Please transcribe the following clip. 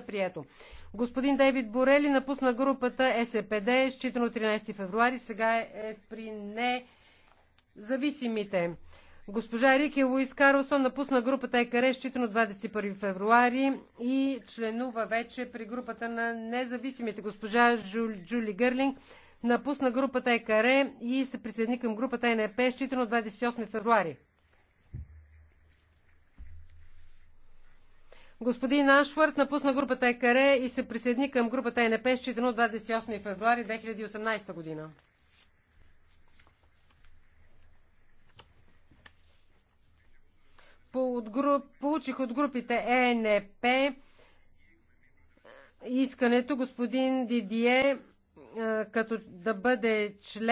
прието. Господин Дейвид Борели напусна групата СПД, считано 13 февруари, сега е, е при независимите. Госпожа Рики Луис Карлсон напусна групата ЕКР, считано 21 февруари и членува вече при групата на независимите. Госпожа Жу, Джули Гърлинг напусна групата ЕКР и се присъедини към групата НП, считано 28 февруари. Господин Ашвард напусна групата ЕКР и се присъедини към групата НП, с от 28 февруари 2018 година. От груп, получих от групите ЕНП искането господин Дидие като да бъде член